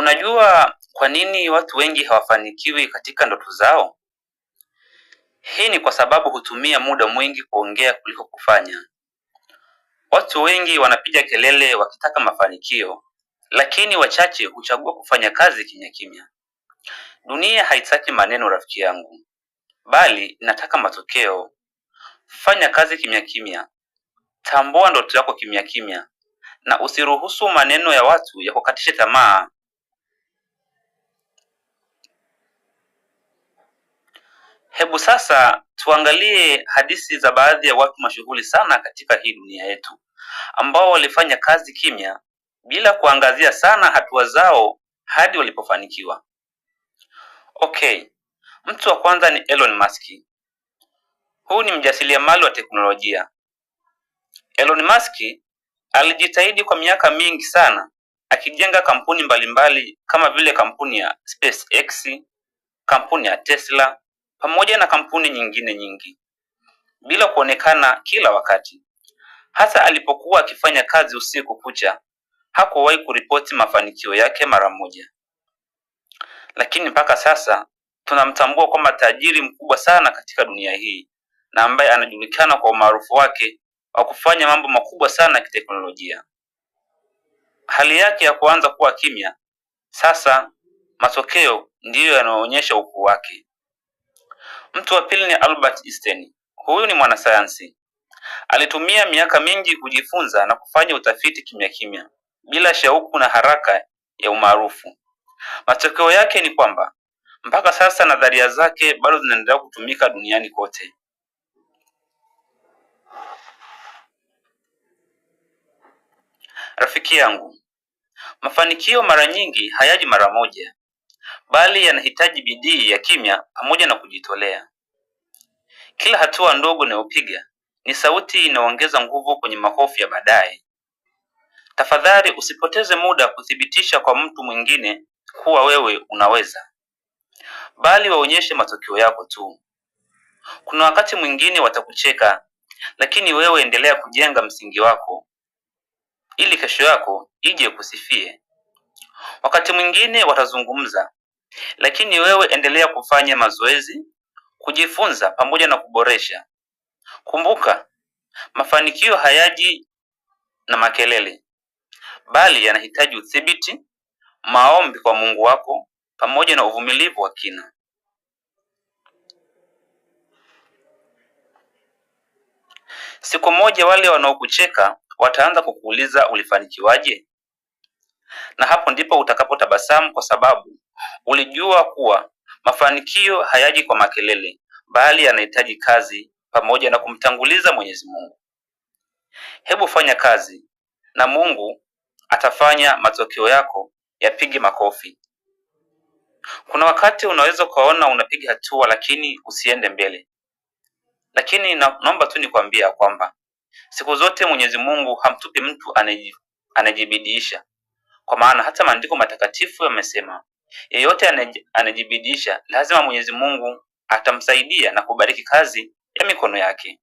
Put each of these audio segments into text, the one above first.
Unajua kwa nini watu wengi hawafanikiwi katika ndoto zao? Hii ni kwa sababu hutumia muda mwingi kuongea kuliko kufanya. Watu wengi wanapiga kelele wakitaka mafanikio, lakini wachache huchagua kufanya kazi kimya kimya. Dunia haitaki maneno, rafiki yangu, bali inataka matokeo. Fanya kazi kimya kimya, tambua ndoto yako kimya kimya, na usiruhusu maneno ya watu kukatisha tamaa. Hebu sasa tuangalie hadithi za baadhi ya watu mashuhuri sana katika hii dunia yetu, ambao walifanya kazi kimya bila kuangazia sana hatua zao hadi walipofanikiwa. Okay, mtu wa kwanza ni Elon Musk. Huu ni mjasiriamali wa teknolojia. Elon Musk alijitahidi kwa miaka mingi sana akijenga kampuni mbalimbali mbali, kama vile kampuni ya SpaceX, kampuni ya Tesla pamoja na kampuni nyingine nyingi bila kuonekana kila wakati. Hata alipokuwa akifanya kazi usiku kucha, hakuwahi kuripoti mafanikio yake mara moja. Lakini mpaka sasa tunamtambua kama tajiri mkubwa sana katika dunia hii na ambaye anajulikana kwa umaarufu wake wa kufanya mambo makubwa sana ya kiteknolojia. Hali yake ya kuanza kuwa kimya sasa, matokeo ndiyo yanayoonyesha ukuu wake. Mtu wa pili ni Albert Einstein. Huyu ni mwanasayansi, alitumia miaka mingi kujifunza na kufanya utafiti kimya kimya, bila shauku na haraka ya umaarufu. Matokeo yake ni kwamba mpaka sasa nadharia zake bado zinaendelea kutumika duniani kote. Rafiki yangu, mafanikio mara nyingi hayaji mara moja, bali yanahitaji bidii ya kimya pamoja na kujitolea. Kila hatua ndogo unayopiga ni sauti inayoongeza nguvu kwenye mahofu ya baadaye. Tafadhali usipoteze muda kuthibitisha kwa mtu mwingine kuwa wewe unaweza, bali waonyeshe matokeo yako tu. Kuna wakati mwingine watakucheka, lakini wewe endelea kujenga msingi wako ili kesho yako ije kusifie. Wakati mwingine watazungumza, lakini wewe endelea kufanya mazoezi, kujifunza pamoja na kuboresha. Kumbuka, mafanikio hayaji na makelele, bali yanahitaji uthibiti maombi kwa Mungu wako pamoja na uvumilivu wa kina. Siku moja wale wanaokucheka wataanza kukuuliza ulifanikiwaje? Na hapo ndipo utakapotabasamu kwa sababu Ulijua kuwa mafanikio hayaji kwa makelele, bali yanahitaji kazi pamoja na kumtanguliza Mwenyezi Mungu. Hebu fanya kazi na Mungu atafanya matokeo yako yapige makofi. Kuna wakati unaweza ukaona unapiga hatua lakini usiende mbele, lakini naomba tu nikwambia kwamba siku zote Mwenyezi Mungu hamtupi mtu anayejibidiisha, kwa maana hata maandiko matakatifu yamesema Yeyote anajibidisha lazima Mwenyezi Mungu atamsaidia na kubariki kazi ya mikono yake.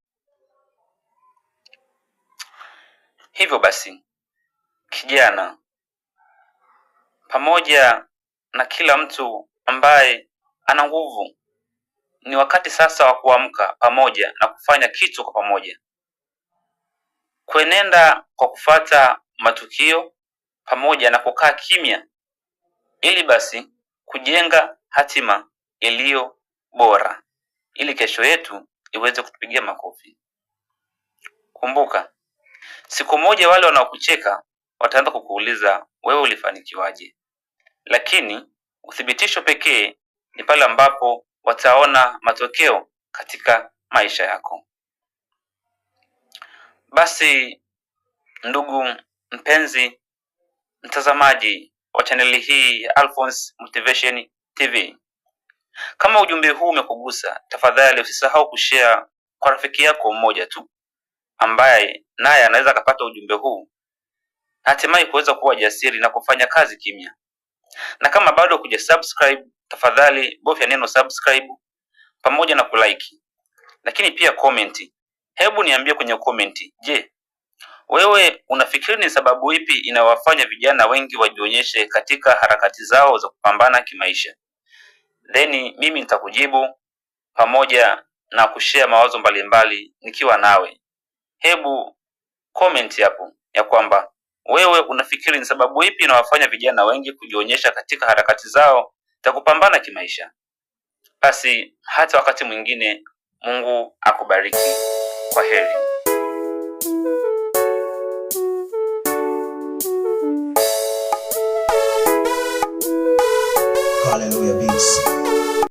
Hivyo basi, kijana pamoja na kila mtu ambaye ana nguvu, ni wakati sasa wa kuamka pamoja na kufanya kitu kwa pamoja, kuenenda kwa kufata matukio pamoja na kukaa kimya ili basi kujenga hatima iliyo bora, ili kesho yetu iweze kutupigia makofi. Kumbuka, siku moja wale wanaokucheka wataanza kukuuliza wewe ulifanikiwaje, lakini uthibitisho pekee ni pale ambapo wataona matokeo katika maisha yako. Basi ndugu mpenzi mtazamaji wa chaneli hii ya Alphonce Motivation TV. Kama ujumbe huu umekugusa, tafadhali usisahau kushare kwa rafiki yako mmoja tu ambaye naye anaweza akapata ujumbe huu, hatimaye kuweza kuwa jasiri na kufanya kazi kimya. Na kama bado kuja subscribe, tafadhali bofya neno subscribe pamoja na kulike, lakini pia comment. Hebu niambie kwenye komenti, je, wewe unafikiri ni sababu ipi inawafanya vijana wengi wajionyeshe katika harakati zao za kupambana kimaisha? Then mimi nitakujibu pamoja na kushare mawazo mbalimbali nikiwa nawe. Hebu comment hapo ya kwamba wewe unafikiri ni sababu ipi inawafanya vijana wengi kujionyesha katika harakati zao za kupambana kimaisha? Basi hata wakati mwingine, Mungu akubariki. Kwa heri.